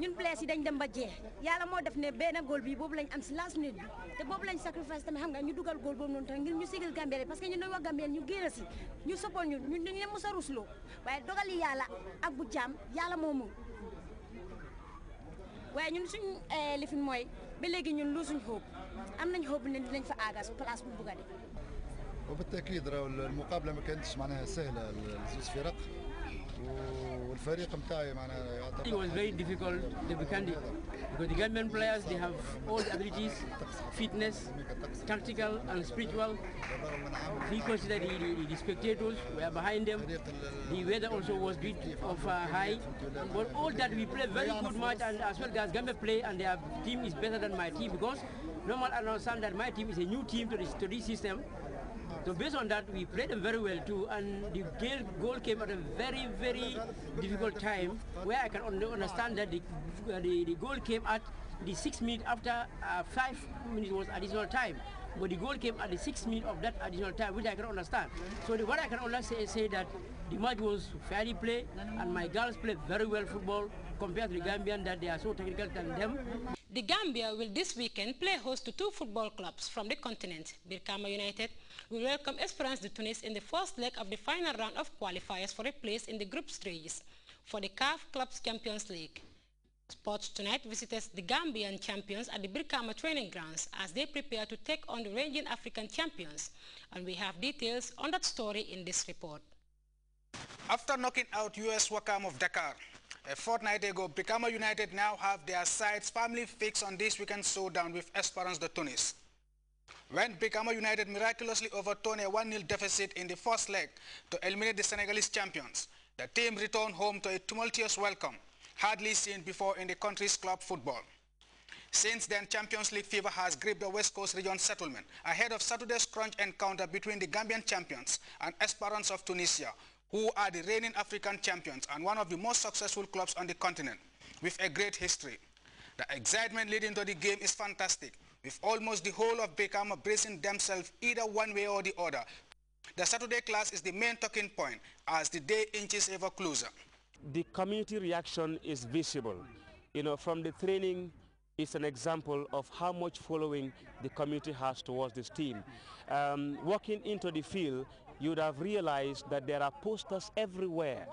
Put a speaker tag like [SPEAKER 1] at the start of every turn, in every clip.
[SPEAKER 1] ñun blessé yi dañ dem ba jeex yàlla mo def ne ben gol bi bobu lañ am ci last minute bi te bobu lañ sacrifice tamit xam nga ñu duggal gol bobu non tax ngir ñu sigil Gambie parce que ñu dañu wa Gambie ñu génn ci ñu sopon ñu ñu ñu mësa ruslo waye rusloo waaye dogali yàlla ak bu jam yàlla moo mu waaye ñun suñ lifin moy ba légui ñun lu suñ xóob am nañ xóob ne dinañ fa agas place bu bugg a
[SPEAKER 2] وبالتاكيد راه المقابله ما كانتش معناها
[SPEAKER 1] سهله لزوج فرق و والفريق نتاعي معناها It was very difficult to be candid. because the Gambian players they have all the abilities fitness tactical and spiritual he considered the, the, spectators were behind them the weather also was bit of uh, high but all that we played very good match and as well as Gambia play and their team is better than my team because normal I understand that my team is a new team to this, to this system so based on that, we played them very well too, and the goal came at a very, very difficult time, where I can understand that the, uh, the, the goal came at the six minutes after uh, five minutes was additional time. But the goal came at the six minutes of that additional time, which I can understand. So the, what I can only say, say that the match was fairly played, and my girls played very well football compared to the Gambian that they are so technical than them. The Gambia will this weekend play host to two football clubs
[SPEAKER 3] from the continent. Birkama United will welcome Esperance de Tunis in the first leg of the final round of qualifiers for a place in the group stages for the CAF Clubs Champions League. Sports Tonight visits the Gambian champions at the Birkama training grounds as they prepare to take on the reigning African champions. And we have details on that story in this report. After knocking out US Wakam of Dakar, a fortnight ago, Brikama United now have their sights firmly fixed on this weekend showdown with Esperance de Tunis. When Brikama United miraculously overturned a 1-0 deficit in the first leg to eliminate the Senegalese champions, the team returned home to a tumultuous welcome, hardly seen before in the country's club football. Since then, Champions League fever has gripped the West Coast region settlement ahead of Saturday's crunch encounter between the Gambian champions and Esperance of Tunisia, who are the reigning African champions and one of the most successful clubs on the continent, with a great history. The excitement leading to the game is fantastic, with almost the whole of Bekama bracing themselves either one way or the other. The Saturday class is the main talking point as the day inches ever closer.
[SPEAKER 1] The community reaction is visible. You know, from the training is an example of how much following the community has towards this team. Um, walking into the field, you'd have realized that there are posters everywhere.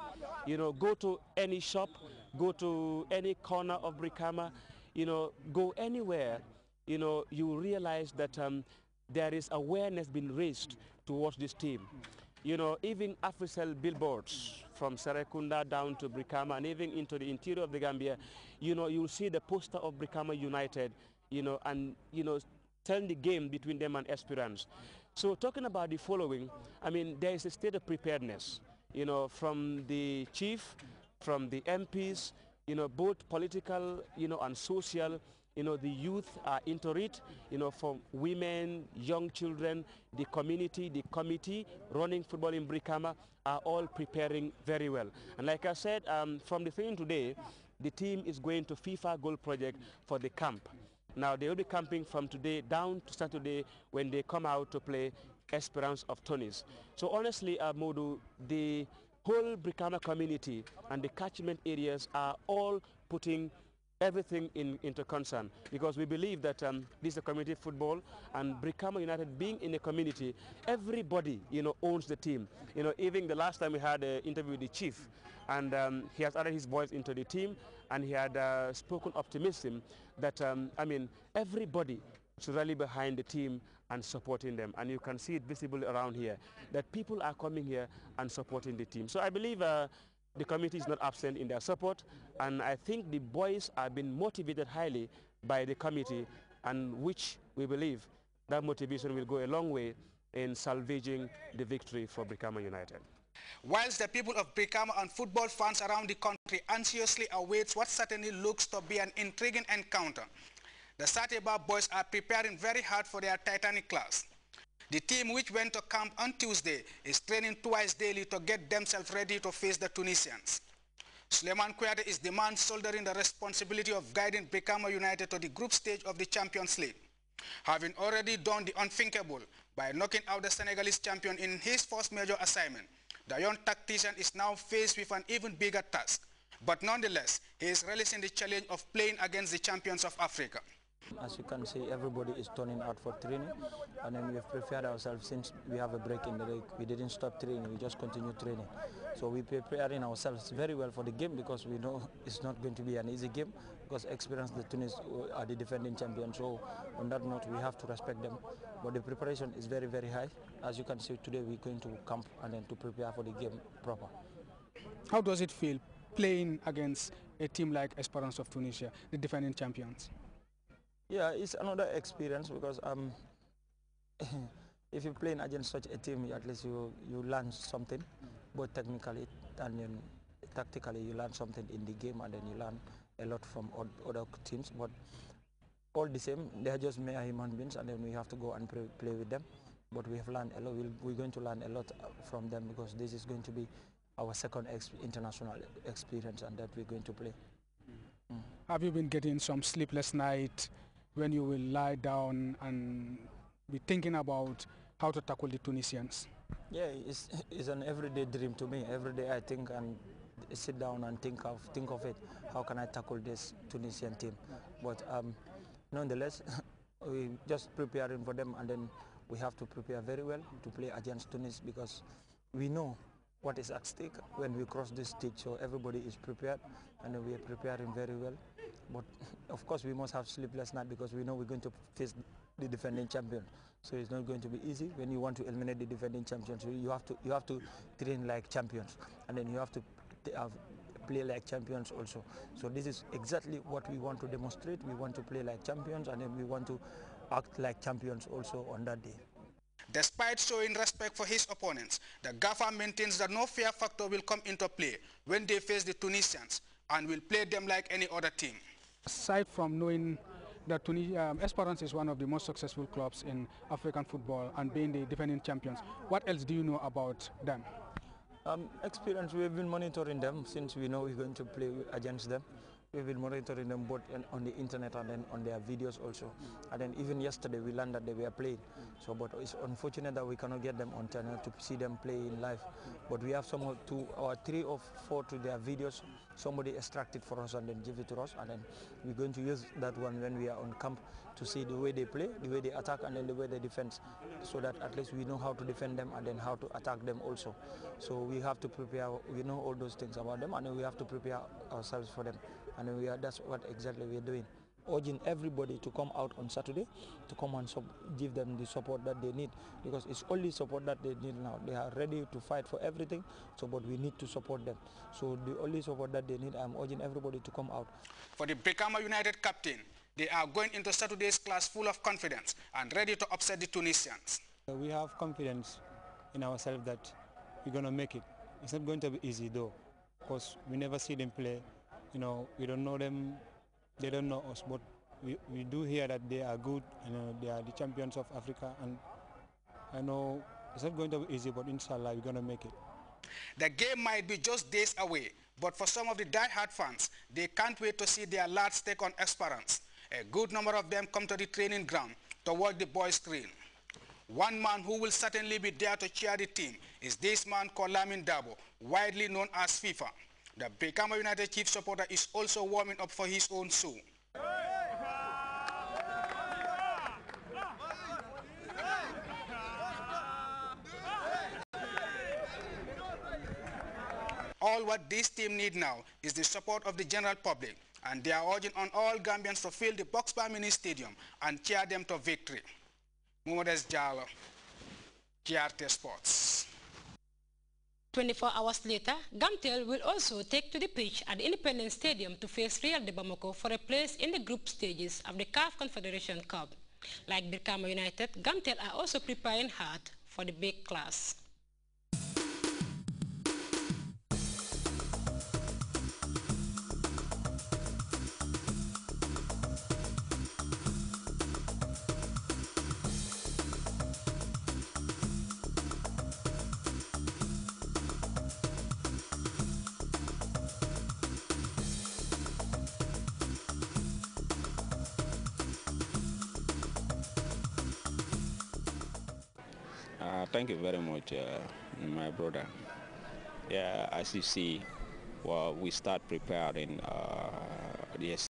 [SPEAKER 1] You know, go to any shop, go to any corner of Brikama, you know, go anywhere, you know, you realize that um, there is awareness being raised towards this team. You know, even AfriCell billboards from Serekunda down to Brikama and even into the interior of the Gambia, you know, you'll see the poster of Brikama United, you know, and, you know, turn the game between them and Esperance. So talking about the following, I mean, there is a state of preparedness, you know, from the chief, from the MPs, you know, both political, you know, and social, you know, the youth are into it, you know, from women, young children, the community, the committee running football in Brikama are all preparing very well. And like I said, um, from the thing today, the team is going to FIFA Goal Project for the camp. Now they will be camping from today down to Saturday when they come out to play Esperance of Tunis. So honestly, Modu, the whole Brikama community and the catchment areas are all putting everything in, into concern because we believe that um, this is a community football and Brikama United being in a community, everybody, you know, owns the team. You know, even the last time we had an interview with the chief and um, he has added his voice into the team and he had uh, spoken optimism that, um, I mean, everybody should rally behind the team and supporting them. And you can see it visible around here, that people are coming here and supporting the team. So I believe uh, the committee is not absent in their support, and I think the boys are being motivated highly by the committee, and which we believe that motivation will go a long way in salvaging the victory for Brikama United.
[SPEAKER 3] Whilst the people of Brikama and football fans around the country anxiously awaits what certainly looks to be an intriguing encounter, the Sateba boys are preparing very hard for their Titanic class. The team which went to camp on Tuesday is training twice daily to get themselves ready to face the Tunisians. Suleiman Kouyaté is the man shouldering the responsibility of guiding Brikama United to the group stage of the Champions League, having already done the unthinkable by knocking out the Senegalese champion in his first major assignment the young tactician is now faced with an even bigger task. But nonetheless, he is releasing the challenge of playing against the champions of Africa.
[SPEAKER 2] As you can see, everybody is turning out for training, and then we have prepared ourselves since we have a break in the league. We didn't stop training, we just continued training. So we're preparing ourselves very well for the game because we know it's not going to be an easy game, because experience the Tunis uh, are the defending champion. So on that note, we have to respect them. But the preparation is very, very high. As you can see today, we're going to camp and then to prepare for the game proper.
[SPEAKER 3] How does it feel playing against a team like Esperance of Tunisia, the defending champions?
[SPEAKER 2] Yeah, it's another experience because um, if you're playing against such a team, at least you, you learn something, both technically and then tactically you learn something in the game and then you learn a lot from other teams, but all the same, they are just mere human beings, and then we have to go and play with them. But we have learned a lot. we are going to learn a lot uh, from them because this is going to be our second ex international experience, and that we're going to play.
[SPEAKER 3] Mm. Have you been getting some sleepless night when you will lie down and be thinking about how to tackle the Tunisians?
[SPEAKER 2] Yeah, it's, it's an everyday dream to me. Every day I think and sit down and think of think of it. How can I tackle this Tunisian team? But um, nonetheless, we just preparing for them, and then we have to prepare very well to play against Tunis because we know what is at stake when we cross this stage. So everybody is prepared, and we are preparing very well. But of course, we must have sleepless night because we know we're going to face the defending champion. So it's not going to be easy when you want to eliminate the defending So You have to you have to train like champions, and then you have to they have play like champions also. So this is exactly what we want to demonstrate. We want to play like champions and then we want to act like champions also
[SPEAKER 3] on that day. Despite showing respect for his opponents, the Gaffer maintains that no fear factor will come into play when they face the Tunisians and will play them like any other team. Aside from knowing that Tunis um, Esperance is one of the most successful clubs in African football and being the defending champions, what else do you know about them?
[SPEAKER 2] Um, experience, we've been monitoring them since we know we're going to play against them we will monitor them both on the internet and then on their videos also. And then even yesterday we learned that they were playing. So, but it's unfortunate that we cannot get them on channel to see them play in live. But we have some of two or three or four to their videos. Somebody extracted for us and then give it to us. And then we're going to use that one when we are on camp to see the way they play, the way they attack and then the way they defend. So that at least we know how to defend them and then how to attack them also. So we have to prepare, we know all those things about them and we have to prepare ourselves for them and we are, that's what exactly we're doing urging everybody to come out on Saturday to come and give them the support that they need because it's only support that they need now. They are ready to fight for everything, so but we need to support them. So the only support that they need, I'm urging everybody to come out.
[SPEAKER 3] For the Brikama United captain, they are going into Saturday's class full of confidence and ready to upset the Tunisians.
[SPEAKER 2] We have confidence in ourselves that we're going to make it. It's not going to be easy though, because we never see them play you know, we don't know them, they don't know us, but we, we do hear that they are good you know, they are the champions of Africa. And I know it's not going to be easy, but inshallah, we're going to make it.
[SPEAKER 3] The game might be just days away, but for some of the die-hard fans, they can't wait to see their lads take on Esperance. A good number of them come to the training ground to watch the boys' screen. One man who will certainly be there to cheer the team is this man called Lamin Dabo, widely known as FIFA. The Bekama United chief supporter is also warming up for his own soon. All what this team need now is the support of the general public and they are urging on all Gambians to fill the by Mini Stadium and cheer them to victory. Mumodes Jalo, GRT Sports. 24 hours later, Gamtel will also take to the pitch at the Independence Stadium to face Real de Bamako for a place in the group stages of the CAF Confederation Cup. Like Birkama United, Gamtel are also preparing hard for the big class.
[SPEAKER 1] thank you very much, uh, my brother. Yeah, as you see, well, we start preparing uh, the